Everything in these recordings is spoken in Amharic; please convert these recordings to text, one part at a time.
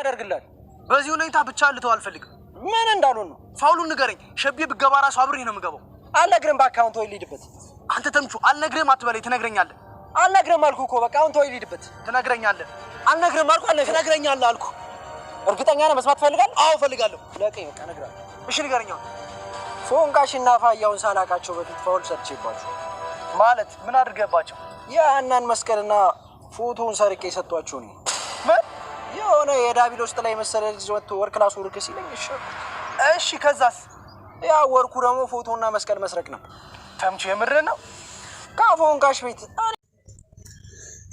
ያደርግላል። በዚህ ሁኔታ ብቻ ልተው አልፈልግም። ምን እንዳልሆን ነው? ፋውሉን ንገረኝ። ሸቤ ብገባ ራሱ አብሬ ነው የምገባው። አልነግርህም፣ በአካውንት ወይ ተወው፣ ልሂድበት። አንተ ተምቹ አልነግርህም አትበላይ። ትነግረኛለህ። አልነግርህም አልኩ እኮ በቃ አሁን ተወው፣ ልሂድበት። ትነግረኛለህ። አልነግርህም አልኩህ፣ ትነግረኛለህ አልኩ አልኩህ ትነግረኛለህ አልኩ እርግጠኛ ነህ? መስማት ትፈልጋለህ? አዎ እፈልጋለሁ። ለቀኝ፣ በቃ እነግርሃለሁ። እሺ ንገረኝ አሁን። ፎንቃሽና ፋያውን ሳላቃቸው በፊት ፋውል ሰርቼባቸው ማለት ምን አድርገባቸው? የሀናን መስቀልና ፎቶውን ሰርቄ የሰጧቸው ነው የሆነ የዳቢል ውስጥ ላይ መሰለ ልጅ ወጥቶ ወርክ ላስ ወርክ ሲለኝ እሺ እሺ። ከዛስ ያ ወርቁ ደግሞ ፎቶና መስቀል መስረቅ ነው። ተምቹ የምር ነው ካፎን ጋሽ ቤት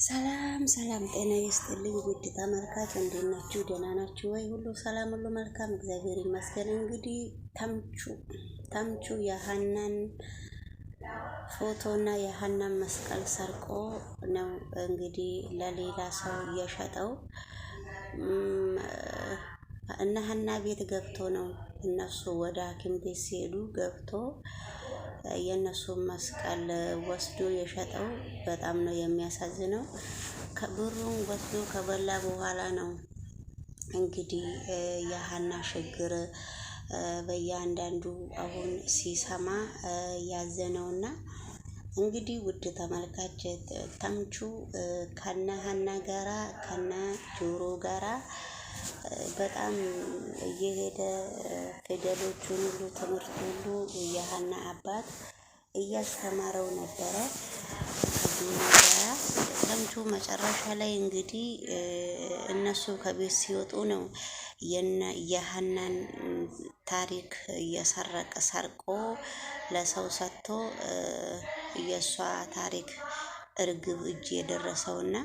ሰላም ሰላም፣ ጤና ይስጥልኝ ውድ ተመልካች፣ እንዴት ናችሁ? ደህና ናችሁ ወይ? ሁሉ ሰላም፣ ሁሉ መልካም፣ እግዚአብሔር ይመስገን። እንግዲህ ተምቹ ተምቹ የሀናን ፎቶና የሀናን መስቀል ሰርቆ ነው እንግዲህ ለሌላ ሰው እየሸጠው እና ሀና ቤት ገብቶ ነው እነሱ ወደ ሐኪም ቤት ሲሄዱ ገብቶ የእነሱን መስቀል ወስዶ የሸጠው። በጣም ነው የሚያሳዝነው። ከብሩን ወስዶ ከበላ በኋላ ነው እንግዲህ የሀና ችግር በእያንዳንዱ አሁን ሲሰማ ያዘነውና እንግዲህ ውድ ተመልካች ተምቹ ከነ ሀና ጋራ ከነ ጆሮ ጋራ በጣም እየሄደ ፊደሎቹን ሁሉ ትምህርት ሁሉ የሀና አባት እያስተማረው ነበረ ጋራ መጨረሻ ላይ እንግዲህ እነሱ ከቤት ሲወጡ ነው የሀናን ታሪክ እየሰረቀ ሰርቆ ለሰው ሰጥቶ የእሷ ታሪክ እርግብ እጅ የደረሰውና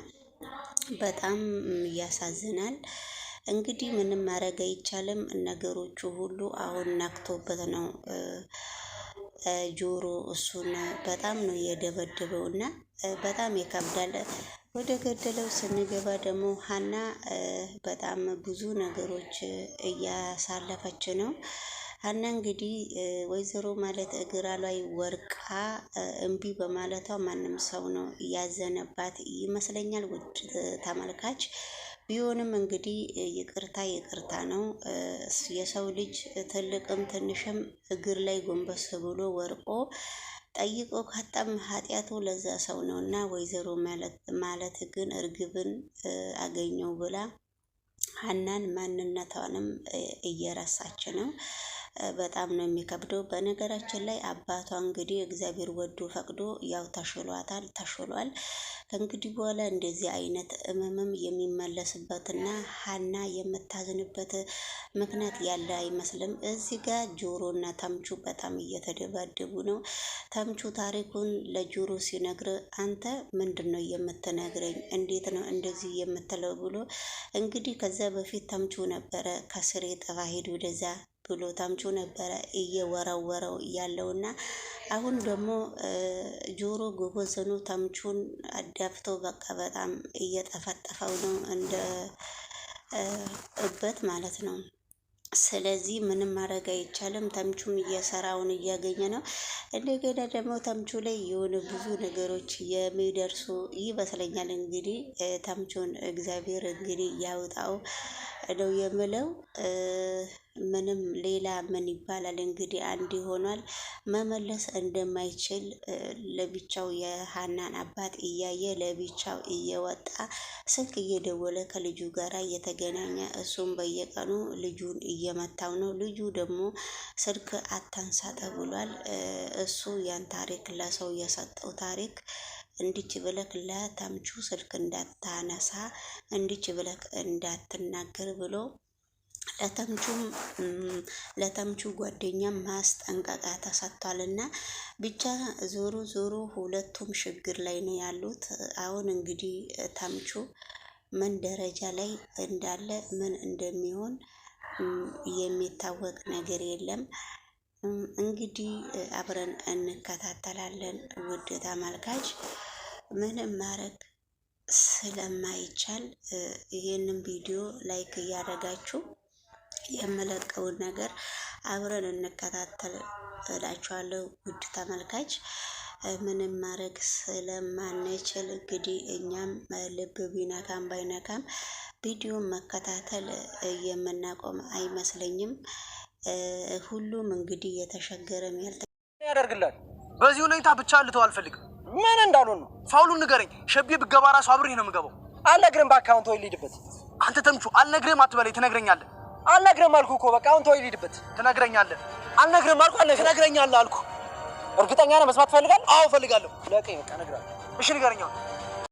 በጣም ያሳዝናል። እንግዲህ ምንም ማድረግ አይቻልም። ነገሮቹ ሁሉ አሁን ነክቶበት ነው ጆሮ እሱን በጣም ነው የደበደበው እና በጣም ይከብዳል። ወደ ገደለው ስንገባ ደግሞ ሀና በጣም ብዙ ነገሮች እያሳለፈች ነው። ሀና እንግዲህ ወይዘሮ ማለት እግራ ላይ ወርቃ እምቢ በማለቷ ማንም ሰው ነው እያዘነባት ይመስለኛል። ውድ ተመልካች ቢሆንም እንግዲህ ይቅርታ ይቅርታ ነው። የሰው ልጅ ትልቅም ትንሽም እግር ላይ ጎንበስ ብሎ ወርቆ ጠይቆ ካጣም ኃጢአቱ ለዛ ሰው ነው እና ወይዘሮ ማለት ግን እርግብን አገኘው ብላ ሀናን ማንነቷንም እየረሳች ነው። በጣም ነው የሚከብደው። በነገራችን ላይ አባቷ እንግዲህ እግዚአብሔር ወዶ ፈቅዶ ያው ተሽሏታል ተሽሏል። ከእንግዲህ በኋላ እንደዚህ አይነት እመምም የሚመለስበትና ሀና የምታዝንበት ምክንያት ያለ አይመስልም። እዚህ ጋር ጆሮና ተምቹ በጣም እየተደባደቡ ነው። ተምቹ ታሪኩን ለጆሮ ሲነግር አንተ ምንድን ነው የምትነግረኝ? እንዴት ነው እንደዚህ የምትለው ብሎ እንግዲህ ከዛ በፊት ተምቹ ነበረ ከስሬ ጠፋ ሄድ ወደዛ ብሎ ታምቹ ነበረ እየወረወረው ያለውና አሁን ደግሞ ጆሮ ጎበዝ ሆኖ አዳፍቶ በቃ በጣም እየጠፈጠፈው ነው እንደ እበት ማለት ነው። ስለዚህ ምንም ማድረግ አይቻልም። ተምቹም እየሰራውን እያገኘ ነው። እንደገና ደግሞ ተምቹ ላይ የሆነ ብዙ ነገሮች የሚደርሱ ይመስለኛል። እንግዲህ ተምቹን እግዚአብሔር እንግዲህ ያውጣው። ነው የምለው። ምንም ሌላ ምን ይባላል እንግዲህ አንድ ይሆኗል። መመለስ እንደማይችል ለብቻው የሀናን አባት እያየ ለብቻው እየወጣ ስልክ እየደወለ ከልጁ ጋር እየተገናኘ እሱም በየቀኑ ልጁን እየመታው ነው። ልጁ ደግሞ ስልክ አታንሳ ተብሏል። እሱ ያን ታሪክ ለሰው የሰጠው ታሪክ እንዲች ብለክ ለተምቹ ስልክ እንዳታነሳ፣ እንዲች ብለክ እንዳትናገር ብሎ ለተምቹ ጓደኛ ማስጠንቀቂያ ተሰጥቷልና እና ብቻ ዞሮ ዞሮ ሁለቱም ችግር ላይ ነው ያሉት። አሁን እንግዲህ ተምቹ ምን ደረጃ ላይ እንዳለ ምን እንደሚሆን የሚታወቅ ነገር የለም። እንግዲህ አብረን እንከታተላለን ውድ ተመልካች። ምንም ማድረግ ስለማይቻል ይህንን ቪዲዮ ላይክ እያደረጋችሁ የምለቀውን ነገር አብረን እንከታተል እላችኋለሁ። ውድ ተመልካች ምንም ማድረግ ስለማንችል እንግዲህ እኛም ልብ ቢነካም ባይነካም ቪዲዮን መከታተል የምናቆም አይመስለኝም። ሁሉም እንግዲህ የተሸገረም ያልተ ያደርግላል። በዚህ ሁኔታ ብቻ ልተው አልፈልግም። ምን እንዳሉ ነው? ፋውሉን ንገረኝ። ሸቤ ብገባ ራሱ አብሬ ነው የምገባው። አልነግርም በአካውንት ወይ ተወው፣ ልሂድበት። አንተ ተምቹ አልነግርህም አትበለኝ፣ ትነግረኛለህ። አልነግርህም አልኩ እኮ በቃ አሁን ተወው፣ ልሂድበት። ትነግረኛለህ። አልነግርህም አልኩህ፣ ትነግረኛለህ አልኩ አልኩህ ትነግረኛለህ አልኩ እርግጠኛ ነህ? መስማት ትፈልጋለህ? አዎ እፈልጋለሁ። ለቀኝ በቃ እነግርሃለሁ። እሺ ንገረኛው